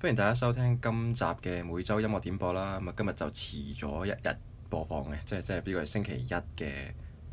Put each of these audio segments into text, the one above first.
歡迎大家收聽今集嘅每周音樂點播啦，咁啊今日就遲咗一日播放嘅，即係即係呢個係星期一嘅，誒、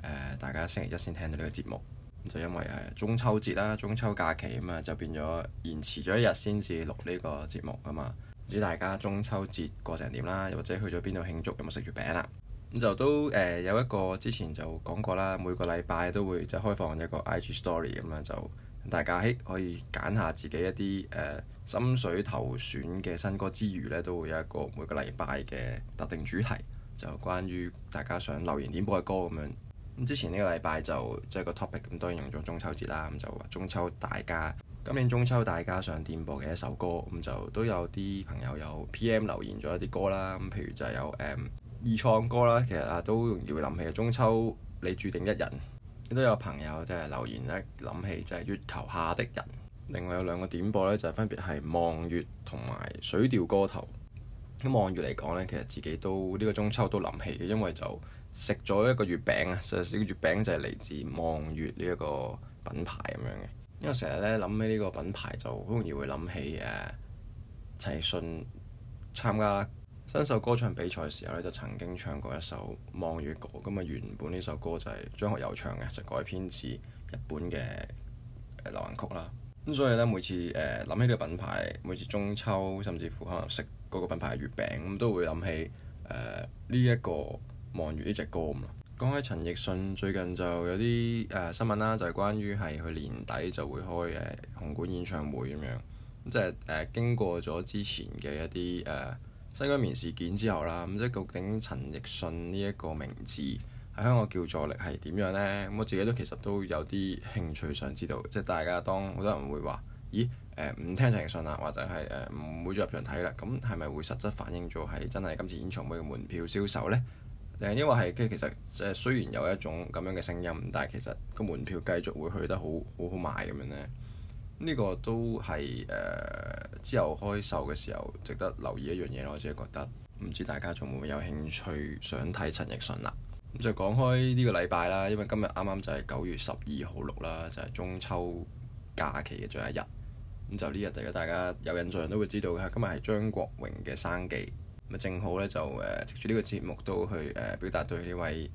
呃，大家星期一先聽到呢個節目，就因為係中秋節啦，中秋假期啊嘛，就變咗延遲咗一日先至錄呢個節目啊嘛。唔知大家中秋節過成點啦？又或者去咗邊度慶祝？有冇食月餅啦？咁就都誒、呃、有一個之前就講過啦，每個禮拜都會即係開放一個 IG story 咁樣就。大家喺可以揀下自己一啲誒心水投選嘅新歌之餘咧，都會有一個每個禮拜嘅特定主題，就關於大家想留言點播嘅歌咁樣。咁、嗯、之前呢個禮拜就即係個 topic 咁，當然用咗中秋節啦。咁就話中秋大家今年中秋大家想點播嘅一首歌，咁就都有啲朋友有 PM 留言咗一啲歌啦。咁譬如就有誒、嗯、二創歌啦，其實、啊、都容易會諗起中秋你注定一人。都有朋友即係留言咧諗起就係月球下的人。另外有兩個點播咧，就係分別係望月同埋水調歌頭。咁望月嚟講咧，其實自己都呢個中秋都諗起嘅，因為就食咗一個月餅啊。事實上呢個月餅就係嚟自望月呢一個品牌咁樣嘅。因為成日咧諗起呢個品牌，就好容易會諗起誒陳奕迅參加新首歌唱比賽嘅時候咧，就曾經唱過一首《望月歌》咁啊。原本呢首歌就係張學友唱嘅，就改編自日本嘅流行曲啦。咁所以咧，每次誒諗、呃、起呢個品牌，每次中秋甚至乎可能食嗰個品牌嘅月餅，咁都會諗起誒呢一個望月呢隻歌咁咯。講起陳奕迅，最近就有啲誒、呃、新聞啦，就係、是、關於係佢年底就會開誒紅館演唱會咁樣，即係誒、呃、經過咗之前嘅一啲誒。呃新疆棉事件之後啦，咁即係究竟陳奕迅呢一個名字喺香港叫座力係點樣呢？咁我自己都其實都有啲興趣想知道，即係大家當好多人會話：咦誒唔、呃、聽陳奕迅啦，或者係誒唔會再入場睇啦，咁係咪會實質反映咗係真係今次演唱會嘅門票銷售呢？定係因為係即係其實誒雖然有一種咁樣嘅聲音，但係其實個門票繼續會去得好好好賣咁樣呢。呢個都係誒、呃、之後開售嘅時候值得留意一樣嘢咯，我自己覺得，唔知大家仲會唔會有興趣想睇陳奕迅啦。咁就講開呢個禮拜啦，因為今日啱啱就係九月十二號六啦，就係中秋假期嘅最後一日。咁就呢日如果大家有印象都會知道嘅，今日係張國榮嘅生忌，咁啊正好呢，就誒、呃、藉住呢個節目都去誒、呃、表達對呢位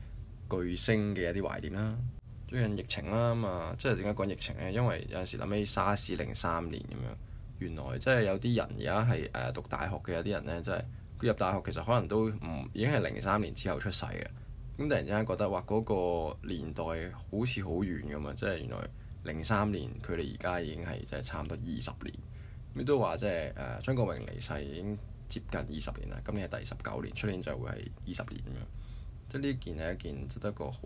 巨星嘅一啲懷念啦。最近疫情啦嘛，即係點解講疫情咧？因為有陣時諗起沙士，零三年咁樣，原來即係有啲人而家係誒讀大學嘅有啲人咧，即係佢入大學其實可能都唔已經係零三年之後出世嘅，咁突然之間覺得哇嗰個年代好似好遠咁啊！即係原來零三年佢哋而家已經係即係差唔多二十年，咁都話即係誒、呃、張國榮離世已經接近二十年啦。今年係第十九年，出年就會係二十年咁樣，即係呢件係一件值得一個好。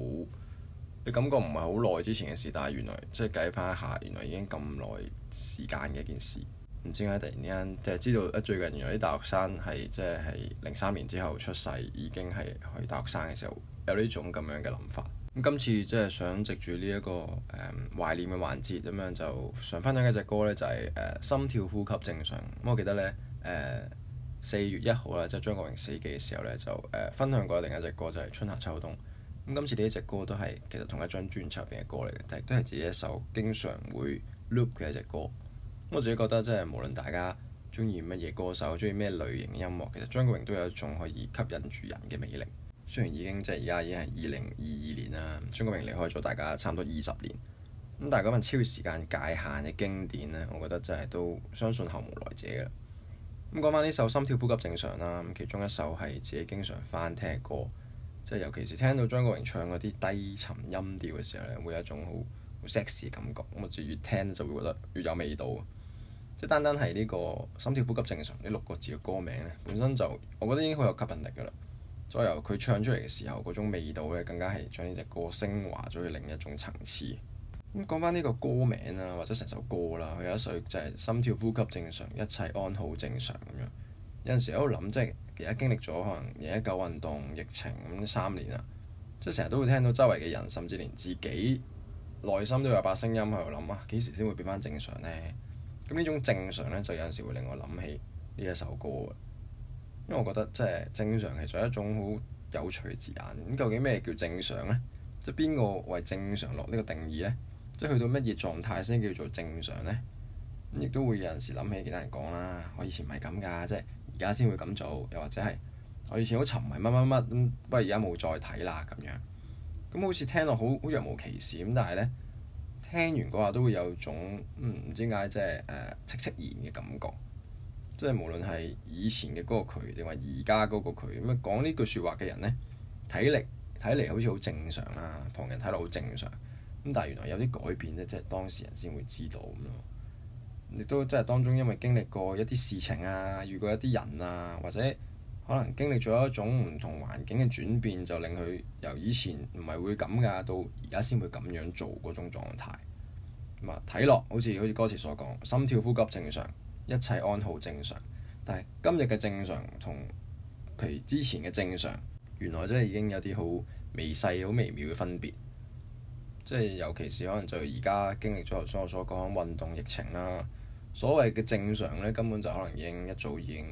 你感覺唔係好耐之前嘅事，但係原來即係計翻一下，原來已經咁耐時間嘅一件事。唔知點解突然之間，就係、是、知道啊！最近原來啲大學生係即係係零三年之後出世，已經係去大學生嘅時候，有呢種咁樣嘅諗法。咁今次即係想藉住呢一個誒、呃、懷念嘅環節咁樣，就想分享一隻歌咧，就係、是、誒、呃、心跳呼吸正常。咁我記得咧誒四月一號啦，即、就、係、是、張國榮死忌嘅時候咧，就誒、呃、分享過另一隻歌，就係、是、春夏秋冬。今次呢一隻歌都係其實同一張專輯入邊嘅歌嚟嘅，但係都係自己一首經常會 loop 嘅一隻歌。我自己覺得即係無論大家中意乜嘢歌手，中意咩類型音樂，其實張國榮都有一種可以吸引住人嘅魅力。雖然已經即係而家已經係二零二二年啦，張國榮離開咗大家差唔多二十年，咁但係嗰份超越時間界限嘅經典呢，我覺得真係都相信後無來者啦。咁講翻呢首《心跳呼吸正常》啦，其中一首係自己經常翻聽嘅歌。即係尤其是聽到張國榮唱嗰啲低沉音調嘅時候咧，會有一種好好 sexy 嘅感覺。咁越越聽就會覺得越有味道。即係單單係呢個心跳呼吸正常呢六個字嘅歌名咧，本身就我覺得已經好有吸引力㗎啦。再由佢唱出嚟嘅時候嗰種味道咧，更加係將呢隻歌升華咗去另一種層次。咁講翻呢個歌名啦，或者成首歌啦，佢有一首就係心跳呼吸正常，一切安好正常咁樣。有陣時喺度諗，即係而家經歷咗可能而家舊運動疫情咁三年啦，即係成日都會聽到周圍嘅人，甚至連自己內心都有把聲音喺度諗啊，幾時先會變翻正常咧？咁呢種正常咧，就有陣時會令我諗起呢一首歌，因為我覺得即係正常其實係一種好有趣嘅字眼。咁究竟咩叫正常咧？即係邊個為正常落呢個定義咧？即係去到乜嘢狀態先叫做正常咧？亦都會有陣時諗起其他人講啦，我以前唔係咁㗎，即係。而家先會咁做，又或者係我以前好沉迷乜乜乜咁，不過而家冇再睇啦咁樣。咁好似聽落好好若無其事咁，但係呢，聽完嗰下都會有種唔、唔知點解即係誒戚戚然嘅感覺。即係無論係以前嘅嗰個佢定話而家嗰個佢，咁講呢句説話嘅人呢，體力睇嚟好似好正常啦，旁人睇落好正常。咁但係原來有啲改變呢，即係當事人先會知道咁咯。亦都即係當中，因為經歷過一啲事情啊，遇過一啲人啊，或者可能經歷咗一種唔同環境嘅轉變，就令佢由以前唔係會咁㗎，到而家先會咁樣做嗰種狀態。啊，睇落好似好似歌詞所講，心跳呼吸正常，一切安好正常。但係今日嘅正常同譬如之前嘅正常，原來真係已經有啲好微細、好微妙嘅分別。即係尤其是可能就而家經歷咗我所講運動疫情啦、啊。所謂嘅正常咧，根本就可能已經一早已經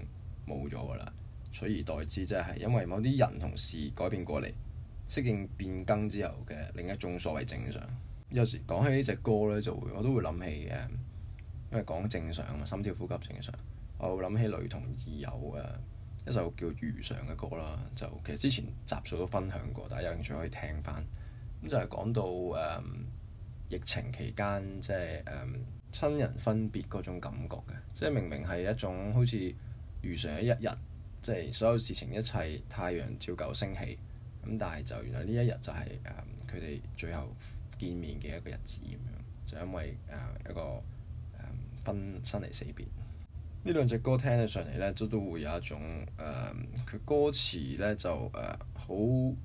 冇咗㗎喇。取而代之即係因為某啲人同事改變過嚟適應變更之後嘅另一種所謂正常。有時講起呢隻歌咧，就會我都會諗起誒、嗯，因為講正常啊嘛，心跳呼吸正常。我會諗起雷同二友誒一首叫《如常》嘅歌啦。就其實之前集數都分享過，大家有興趣可以聽返。咁就係講到誒、嗯、疫情期間即係誒。嗯親人分別嗰種感覺嘅，即係明明係一種好似如常嘅一日，即係所有事情一切太陽照舊升起，咁但係就原來呢一日就係誒佢哋最後見面嘅一個日子咁樣，就因為誒、嗯、一個誒、嗯、分生離死別。呢 兩隻歌聽起上嚟咧，都都會有一種誒佢、嗯、歌詞咧就誒好、嗯、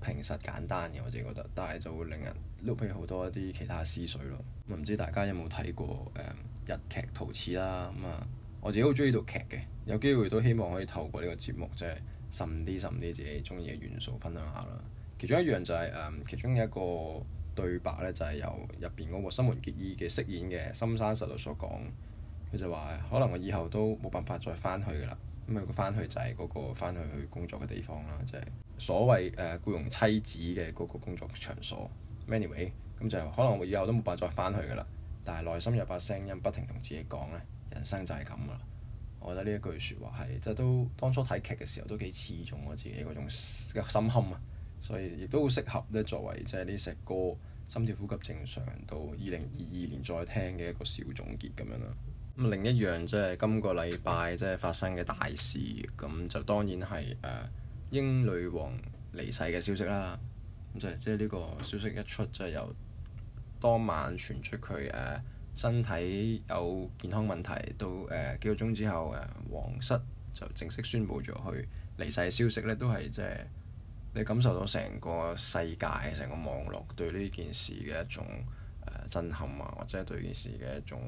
平實簡單嘅，我自己覺得，但係就會令人。都譬如好多一啲其他思緒咯，唔知大家有冇睇過誒、嗯、日劇《逃恥》啦？咁、嗯、啊，我自己好中意呢部劇嘅，有機會都希望可以透過呢個節目，即係甚啲甚啲自己中意嘅元素分享下啦。其中一樣就係、是、誒、嗯，其中有一個對白咧，就係、是、由入邊嗰個新垣結衣嘅飾演嘅森山實栗所講，佢就話：可能我以後都冇辦法再翻去㗎啦。咁佢個翻去就係嗰個翻去去工作嘅地方啦，即、就、係、是、所謂誒僱傭妻子嘅嗰個工作場所。Anyway，咁就可能我以後都冇辦法再翻去噶啦。但係內心有把聲音不停同自己講咧，人生就係咁噶啦。我覺得呢一句説話係，即係都當初睇劇嘅時候都幾刺中我自己嗰種嘅心坎啊。所以亦都好適合咧，作為即係呢首歌，心跳呼吸正常到二零二二年再聽嘅一個小總結咁樣啦。咁另一樣即係今個禮拜即係發生嘅大事，咁就當然係誒英女王離世嘅消息啦。即係呢個消息一出，就係、是、由當晚傳出佢誒、啊、身體有健康問題，到誒、呃、幾個鐘之後誒、啊、皇室就正式宣布咗佢離世消息咧，都係即係你感受到成個世界、成個網絡對呢件事嘅一種、呃、震撼啊，或者係對件事嘅一種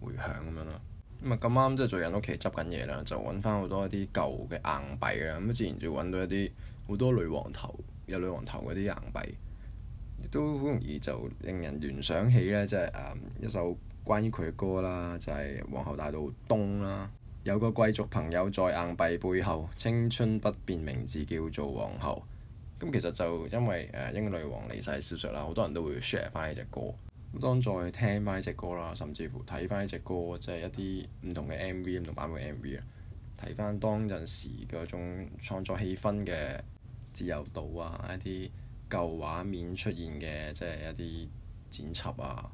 回響咁樣啦。咁啊咁啱，即、就、係、是、最近屋企執緊嘢啦，就揾翻好多一啲舊嘅硬幣啦。咁自然就揾到一啲好多女王頭。有女王頭嗰啲硬幣，亦都好容易就令人聯想起咧，即係誒一首關於佢嘅歌啦，就係皇后大道東啦。有個貴族朋友在硬幣背後，青春不變，名字叫做皇后。咁其實就因為誒英女王離世嘅消息啦，好多人都會 share 翻呢隻歌。咁當再聽翻呢隻歌啦，甚至乎睇翻呢隻歌，即係一啲唔同嘅 MV 唔同版本嘅 MV 啦，睇翻當陣時嗰種創作氣氛嘅。自由島啊，一啲舊畫面出現嘅，即係一啲剪輯啊，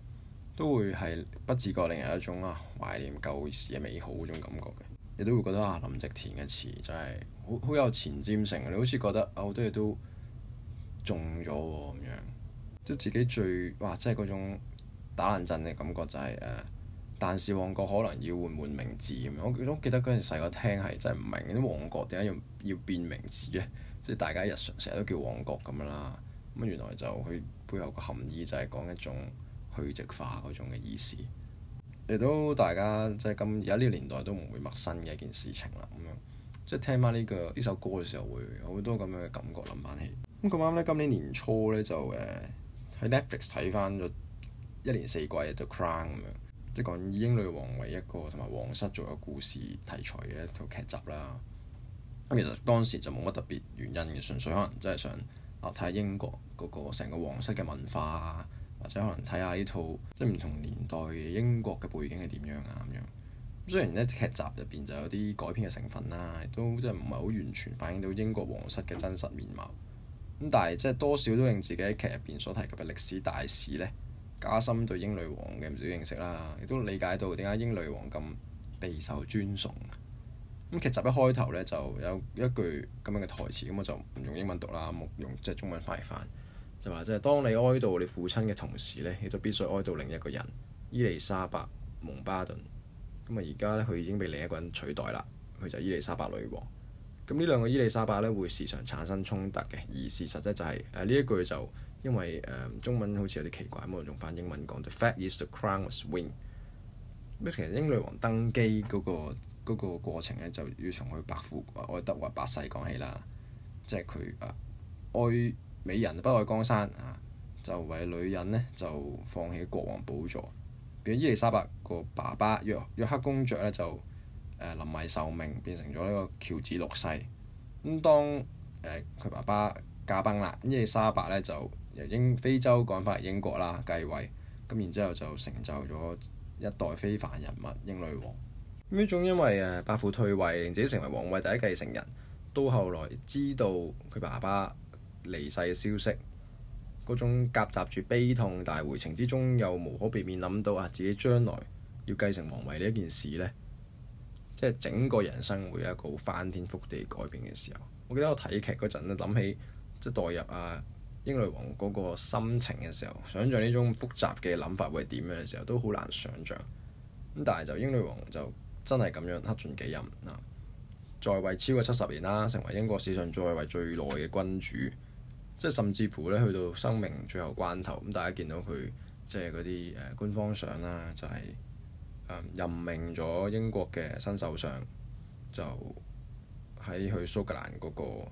都會係不自覺令人一種啊懷念舊時嘅美好嗰種感覺嘅，你都會覺得啊林夕填嘅詞就係、是、好好有前瞻性你好似覺得啊好多嘢都中咗喎咁樣，即係自己最哇即係嗰種打冷震嘅感覺就係、是、誒。啊但是旺角可能要換換名字咁樣，我我記得嗰陣細個聽係真係唔明啲旺角點解要要變名字嘅，即 係大家日常成日都叫旺角咁樣啦。咁原來就佢背後個含義就係講一種去殖化嗰種嘅意思，亦都大家即係咁而家呢個年代都唔會陌生嘅一件事情啦。咁樣即係聽翻呢個呢首歌嘅時候，會好多咁樣嘅感覺諗翻起咁，咁啱咧。今年年初咧就誒喺 Netflix 睇翻咗一連四季嘅《The Crown》咁樣。即係講以英女王為一個同埋皇室做嘅故事題材嘅一套劇集啦。咁其實當時就冇乜特別原因嘅，純粹可能真係想睇下英國嗰個成個皇室嘅文化啊，或者可能睇下呢套即係唔同年代嘅英國嘅背景係點樣啊咁樣。雖然呢劇集入邊就有啲改編嘅成分啦、啊，都即係唔係好完全反映到英國皇室嘅真實面貌。咁但係即係多少都令自己喺劇入邊所提及嘅歷史大事咧。加深對英女王嘅唔少認識啦，亦都理解到點解英女王咁備受尊崇。咁劇集一開頭咧，就有一句咁樣嘅台詞，咁我就唔用英文讀啦，我用即係中文快譯翻，就話即係當你哀悼你父親嘅同時咧，你都必須哀悼另一個人伊麗莎白蒙巴頓。咁啊，而家咧佢已經被另一個人取代啦，佢就係伊麗莎白女王。咁呢兩個伊麗莎白咧，會時常產生衝突嘅，而事實咧，就係誒呢一句，就因為誒、啊、中文好似有啲奇怪，冇用返英文講，就 fact is the crown is win 咁其實英女皇登基嗰、嗰個嗰、嗰個、過程咧，就要從佢伯父愛德華八世講起啦，即係佢誒愛美人不愛江山啊，就為女人呢就放棄國王寶座，變咗伊麗莎白個爸爸約約克公爵咧就。誒臨危受命，變成咗呢個喬治六世。咁當誒佢爸爸駕崩啦，伊麗沙伯咧就由英非洲趕返英國啦，繼位。咁然之後就成就咗一代非凡人物英女王。呢種、嗯、因為誒伯父退位，令自己成為皇位第一繼承人，到後來知道佢爸爸離世嘅消息，嗰種夾雜住悲痛但係回程之中又無可避免諗到啊自己將來要繼承皇位呢一件事咧。即係整個人生會有一個翻天覆地改變嘅時候，我記得我睇劇嗰陣咧，諗起即係代入啊英女王嗰個心情嘅時候，想像呢種複雜嘅諗法會點樣嘅時候，都好難想像。咁但係就英女王就真係咁樣刻盡幾任啊，在位超過七十年啦，成為英國史上在位最耐嘅君主。即係甚至乎咧，去到生命最後關頭，咁大家見到佢即係嗰啲誒官方相啦，就係。任命咗英國嘅新首相，就喺去蘇格蘭嗰個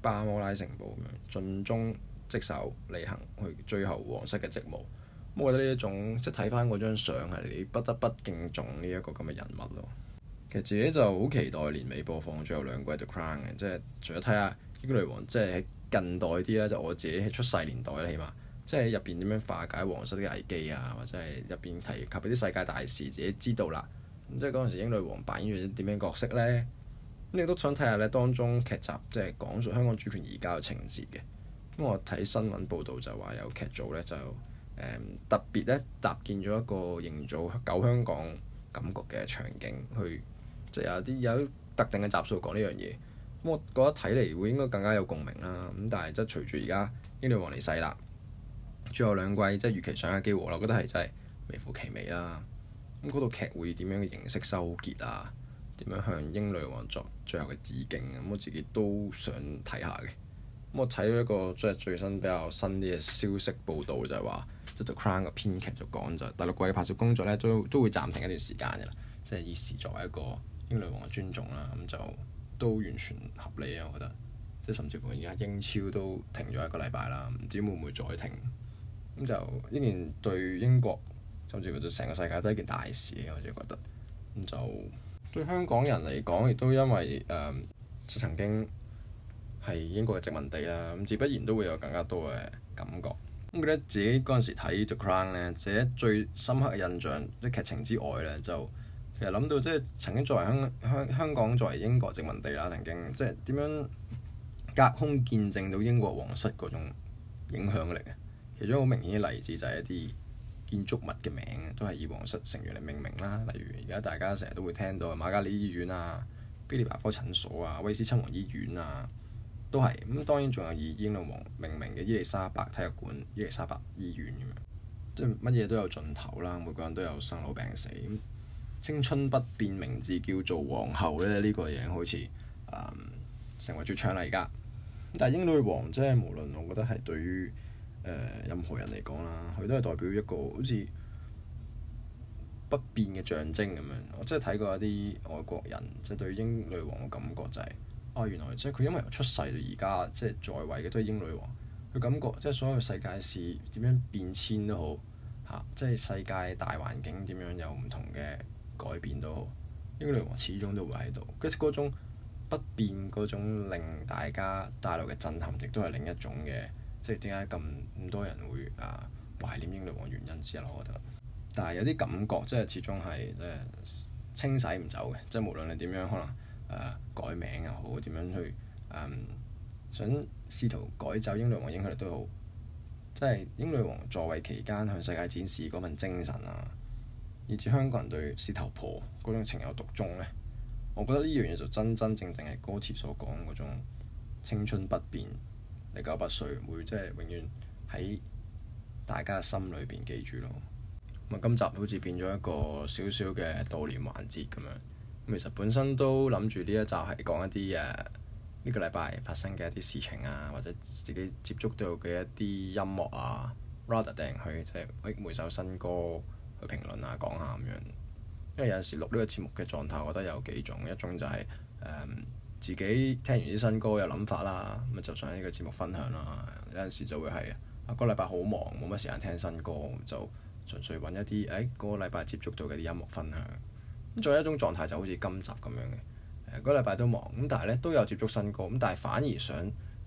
巴摩拉城堡咁樣盡忠職守，履行佢最後皇室嘅職務。咁我覺得呢一種即係睇翻嗰張相係，你不得不敬重呢一個咁嘅人物咯。其實自己就好期待年尾播放最後兩季嘅《The Crown》嘅，即係除咗睇下英國女王，即係近代啲啦。就我自己喺出世年代咧，起碼。即係入邊點樣化解皇室嘅危機啊，或者係入邊提及啲世界大事，自己知道啦。咁即係嗰陣時，英女王扮演點樣角色呢？咁你都想睇下咧，當中劇集即係講述香港主權移交嘅情節嘅。咁我睇新聞報道就話有劇組呢就、嗯、特別呢，搭建咗一個營造舊香港感覺嘅場景去，即係有啲有特定嘅集數講呢樣嘢。咁我覺得睇嚟會應該更加有共鳴啦、啊。咁但係即係隨住而家英女王嚟世啦。最後兩季即係預期上架機會，我覺得係真係微乎其微啦。咁嗰套劇會點樣嘅形式收結啊？點樣向英女王作最後嘅致敬？咁我自己都想睇下嘅。咁我睇到一個即係最新比較新啲嘅消息報導，就係話即係《The Crown》嘅編劇就講就第六季嘅拍攝工作咧，都都會暫停一段時間嘅啦。即係以時作為一個英女王嘅尊重啦。咁就都完全合理啊，我覺得。即係甚至乎而家英超都停咗一個禮拜啦，唔知會唔會再停？咁就呢年對英國，甚至乎對成個世界都係一件大事，我覺得。咁就對香港人嚟講，亦都因為誒、呃、曾經係英國嘅殖民地啦，咁自不然都會有更加多嘅感覺。咁記得自己嗰陣時睇《The Crown》咧，自己最深刻嘅印象，即係劇情之外咧，就其實諗到即係曾經作為香香香港作為英國殖民地啦，曾經即係點樣隔空見證到英國皇室嗰種影響力。其中好明顯嘅例子就係一啲建築物嘅名都係以皇室成員嚟命名啦，例如而家大家成日都會聽到瑪嘉烈醫院啊、菲臘牙科診所啊、威爾斯親王醫院啊，都係咁。當然仲有以英女皇命名嘅伊利沙伯體育館、伊利沙伯醫院咁樣，即係乜嘢都有盡頭啦。每個人都有生老病死，青春不變名字叫做皇后咧。呢、呢個嘢好似、嗯、成為主唱啦而家，但係英女皇即係無論，我覺得係對於。呃、任何人嚟講啦，佢都係代表一個好似不變嘅象徵咁樣。我真係睇過一啲外國人即係、就是、對英女皇嘅感覺就係、是：哦、啊，原來即係佢因為由出世到而家即係在位嘅都係英女皇。佢感覺即係所有世界事點樣變遷都好，吓即係世界大環境點樣有唔同嘅改變都好，英女皇始終都會喺度。其實嗰種不變嗰種令大家帶來嘅震撼亦都係另一種嘅。即係點解咁咁多人會啊懷念英女王原因之一，我覺得，但係有啲感覺，即係始終係即係清洗唔走嘅，即係無論你點樣，可能誒、呃、改名又好，點樣去誒、嗯、想試圖改走英女王影響力都好，即係英女王在位期間向世界展示嗰份精神啊，以至香港人對事頭婆嗰種情有獨鍾咧，我覺得呢樣嘢就真真正正係歌詞所講嗰種青春不變。歷久不衰，會即係永遠喺大家心裏邊記住咯。咁啊，今集好似變咗一個少少嘅悼念環節咁樣。咁其實本身都諗住呢一集係講一啲誒呢個禮拜發生嘅一啲事情啊，或者自己接觸到嘅一啲音樂啊，rather 定去即係、就是、每首新歌去評論啊，講下咁樣。因為有陣時錄呢個節目嘅狀態，我覺得有幾種，一種就係、是、誒。嗯自己聽完啲新歌有諗法啦，咁就上呢個節目分享啦。有陣時就會係啊個禮拜好忙，冇乜時間聽新歌，就純粹揾一啲誒嗰個禮拜接觸到嘅啲音樂分享。咁仲有一種狀態就好似今集咁樣嘅，誒個禮拜都忙，咁但係咧都有接觸新歌，咁但係反而想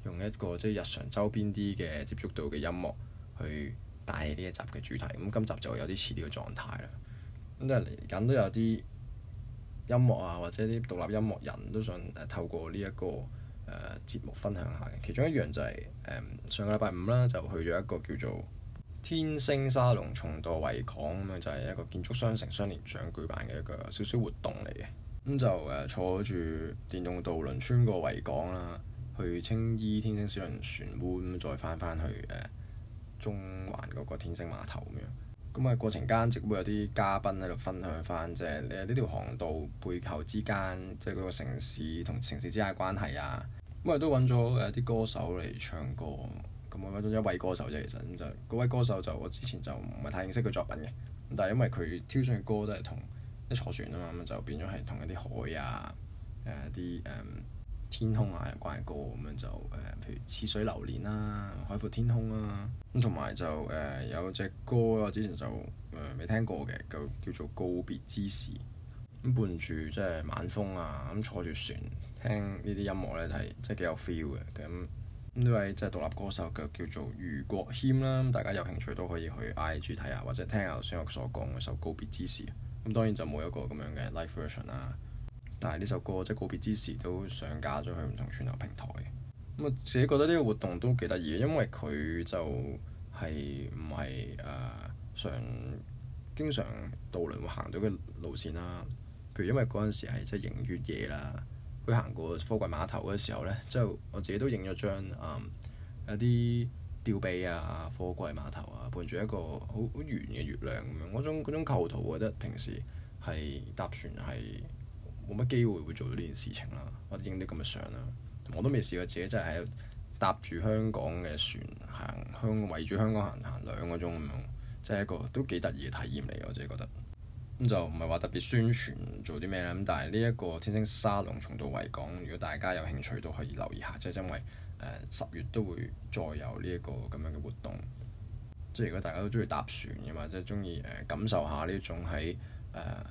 用一個即係日常周邊啲嘅接觸到嘅音樂去帶起呢一集嘅主題。咁今集就有啲似呢個狀態啦。咁即係嚟緊都有啲音樂啊，或者啲獨立音樂人都想透過呢一個誒節目分享下。其中一樣就係誒上個禮拜五啦，就去咗一個叫做天星沙龍重渡維港咁啊，就係一個建築雙城雙年展舉辦嘅一個小小活動嚟嘅。咁就誒坐住電動渡輪穿過維港啦，去青衣天星小輪船塢，再翻翻去誒中環嗰個天星碼頭咁樣。咁啊，過程間直都會有啲嘉賓喺度分享翻，即係誒呢條航道背後之間，即係嗰個城市同城市之間嘅關係啊。咁啊，都揾咗誒啲歌手嚟唱歌，咁我揾咗一位歌手啫，其實咁就嗰位歌手就我之前就唔係太認識佢作品嘅。咁但係因為佢挑選嘅歌都係同一坐船啊嘛，咁就變咗係同一啲海啊、誒啲誒。天空啊，有關嘅歌咁樣就誒，譬、呃、如《似水流年》啦、啊，《海闊天空》啦、啊，咁同埋就誒、呃、有隻歌啊，之前就誒未、呃、聽過嘅，叫叫做《告別之時》。咁、嗯、伴住即係晚風啊，咁坐住船聽呢啲音樂咧，就係即係幾有 feel 嘅。咁呢位即係獨立歌手，嘅叫做余國謙啦。大家有興趣都可以去 IG 睇下，或者聽下頭先我所講嗰首《告別之時》。咁、嗯、當然就冇一個咁樣嘅 live version 啦。但係呢首歌即係告別之時都上架咗去唔同串流平台。咁我自己覺得呢個活動都幾得意，因為佢就係唔係誒常經常渡輪會行到嘅路線啦。譬如因為嗰陣時係即係影月夜啦，佢行過貨櫃碼頭嘅時候咧，即係我自己都影咗張誒、呃、有啲吊臂啊、貨櫃碼頭啊，伴住一個好好圓嘅月亮咁樣。嗰種嗰種構圖，我覺得平時係搭船係。冇乜機會會做到呢件事情啦，或者影啲咁嘅相啦。我都未試過自己真係喺搭住香港嘅船行香港，圍住香港行行兩個鐘咁樣，即係一個都幾得意嘅體驗嚟。我真係覺得咁就唔係話特別宣傳做啲咩啦。咁但係呢一個天星沙龍重遊維港，如果大家有興趣都可以留意下，即係因為誒十月都會再有呢一個咁樣嘅活動。即係如果大家都中意搭船嘅或者係中意誒感受下呢種喺誒，呃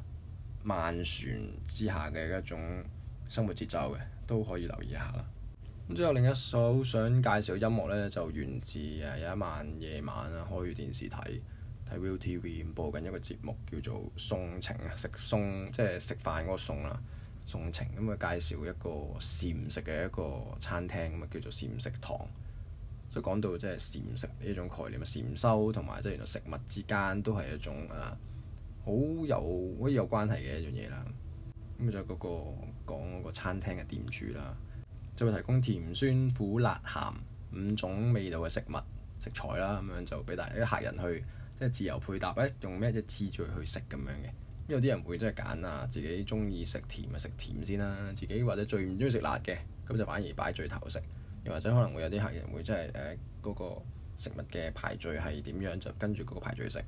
慢船之下嘅一種生活節奏嘅，都可以留意一下啦。咁之後另一首想介紹嘅音樂呢，就源自誒有一晚夜晚啊，開住電視睇睇 ViuTV 播緊一個節目叫做送送送《送情》啊、嗯，食送即係食飯嗰個餸啦，《送情》咁啊，介紹一個禪食嘅一個餐廳咁啊，叫做禪食堂。所以就所以講到即係禪食呢種概念啊，禪修同埋即係原來食物之間都係一種誒。好有可以有關係嘅一樣嘢啦，咁就嗰個講嗰個餐廳嘅店主啦，就會提供甜酸苦辣鹹五種味道嘅食物食材啦，咁樣就俾大家啲客人去即係自由配搭咧，用咩嘅次序去食咁樣嘅。有啲人會即係揀啊，自己中意食甜咪食甜先啦，自己或者最唔中意食辣嘅，咁就反而擺最頭食。又或者可能會有啲客人會即係誒嗰個食物嘅排序係點樣，就跟住嗰個排序食。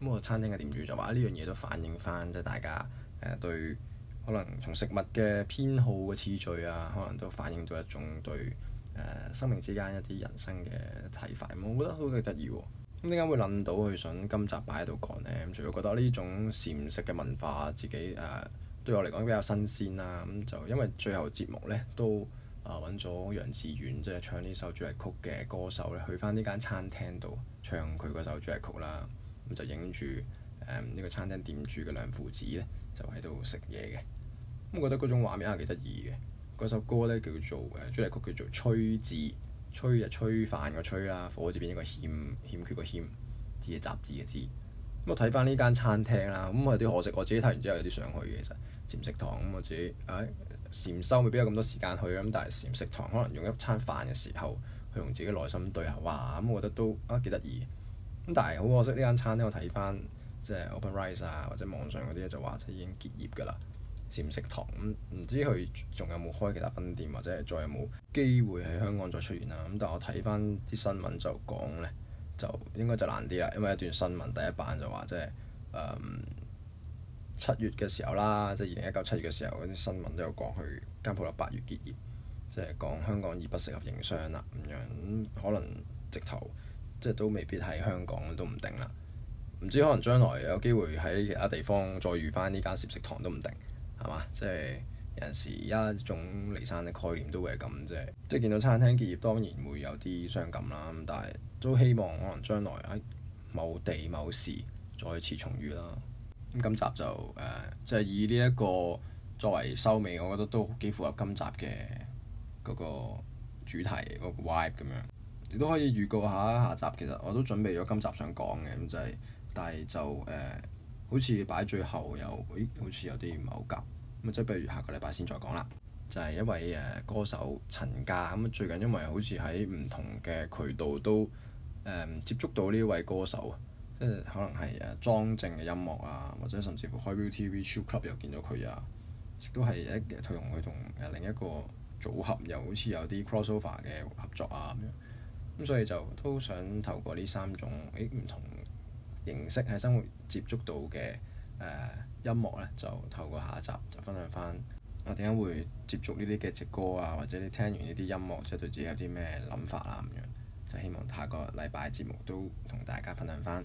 咁個餐廳嘅店主就話，呢樣嘢都反映翻，即係大家誒對可能從食物嘅偏好嘅次序啊，可能都反映到一種對誒生命之間一啲人生嘅睇法。咁我覺得好幾得意喎。咁點解會諗到佢想今集擺喺度講呢？咁主要覺得呢種禪食嘅文化，自己誒對我嚟講比較新鮮啦。咁就因為最後節目咧都啊揾咗楊智遠，即係唱呢首主題曲嘅歌手咧，去翻呢間餐廳度唱佢嗰首主題曲啦。就影住誒呢個餐廳店主嘅兩父子咧，就喺度食嘢嘅。咁、嗯、我覺得嗰種畫面係幾得意嘅。嗰首歌咧叫做誒主題曲叫做《炊字》，炊就炊飯個炊啦，火字邊一個欠欠缺個欠字嘅雜誌嘅字。咁、嗯、我睇翻呢間餐廳啦，咁、嗯、有啲可惜，我自己睇完之後有啲想去嘅，其實禪食堂咁、嗯、我自己誒，禪、哎、修未必有咁多時間去咁，但係禪食堂可能用一餐飯嘅時候去同自己內心對下話，哇！咁我覺得都啊幾得意。咁但係好可惜，呢間餐廳，我睇翻即係 OpenRice 啊，或者網上嗰啲咧，就話就已經結業㗎啦，禪食堂。咁、嗯、唔知佢仲有冇開其他分店，或者係再有冇機會喺香港再出現啦？咁、嗯、但係我睇翻啲新聞就講咧，就應該就難啲啦，因為一段新聞第一版就話即係誒七月嘅時候啦，即係二零一九七月嘅時候，嗰啲新聞都有講佢間鋪頭，八月結業，即係講香港已不適合營商啦、啊，咁樣可能直頭。即係都未必喺香港都唔定啦，唔知可能將來有機會喺其他地方再遇返呢間涉食堂都唔定，係嘛？即係有陣時一種離散嘅概念都會係咁啫。即係見到餐廳結業當然會有啲傷感啦，咁但係都希望可能將來喺某地某時再次重遇啦。咁今集就誒、呃，即係以呢一個作為收尾，我覺得都幾符合今集嘅嗰個主題嗰、嗰個 vibe 咁樣。亦都可以預告下下集。其實我都準備咗今集想講嘅咁就係、是，但係就誒、呃、好似擺最後又，咦、哎？好似有啲唔係好夾咁啊！即係不如下個禮拜先再講啦。就係、是、一位誒、呃、歌手陳嘉，咁最近因為好似喺唔同嘅渠道都誒、呃、接觸到呢位歌手啊，即係可能係誒莊正嘅音樂啊，或者甚至乎開 ViuTV Chill Club 又見到佢啊，都係一佢同佢同另一個組合又好似有啲 crossover 嘅合作啊咁樣。咁所以就都想透過呢三種誒唔同形式喺生活接觸到嘅誒、呃、音樂咧，就透過下一集就分享翻我點解會接觸呢啲嘅歌啊，或者你聽完呢啲音樂，即係對自己有啲咩諗法啊？咁樣就希望下個禮拜節目都同大家分享翻。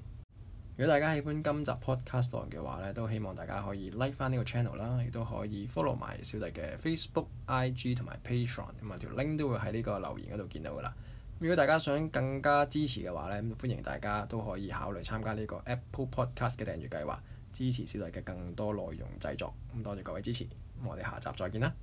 如果大家喜歡今集 podcast 嘅話咧，都希望大家可以 like 翻呢個 channel 啦，亦都可以 follow 埋小弟嘅 Facebook、IG 同埋 Patreon，咁啊條 link 都會喺呢個留言嗰度見到噶啦。如果大家想更加支持嘅話咧，咁歡迎大家都可以考慮參加呢個 Apple Podcast 嘅訂閱計劃，支持小黎嘅更多內容製作。咁多謝各位支持，咁我哋下集再見啦。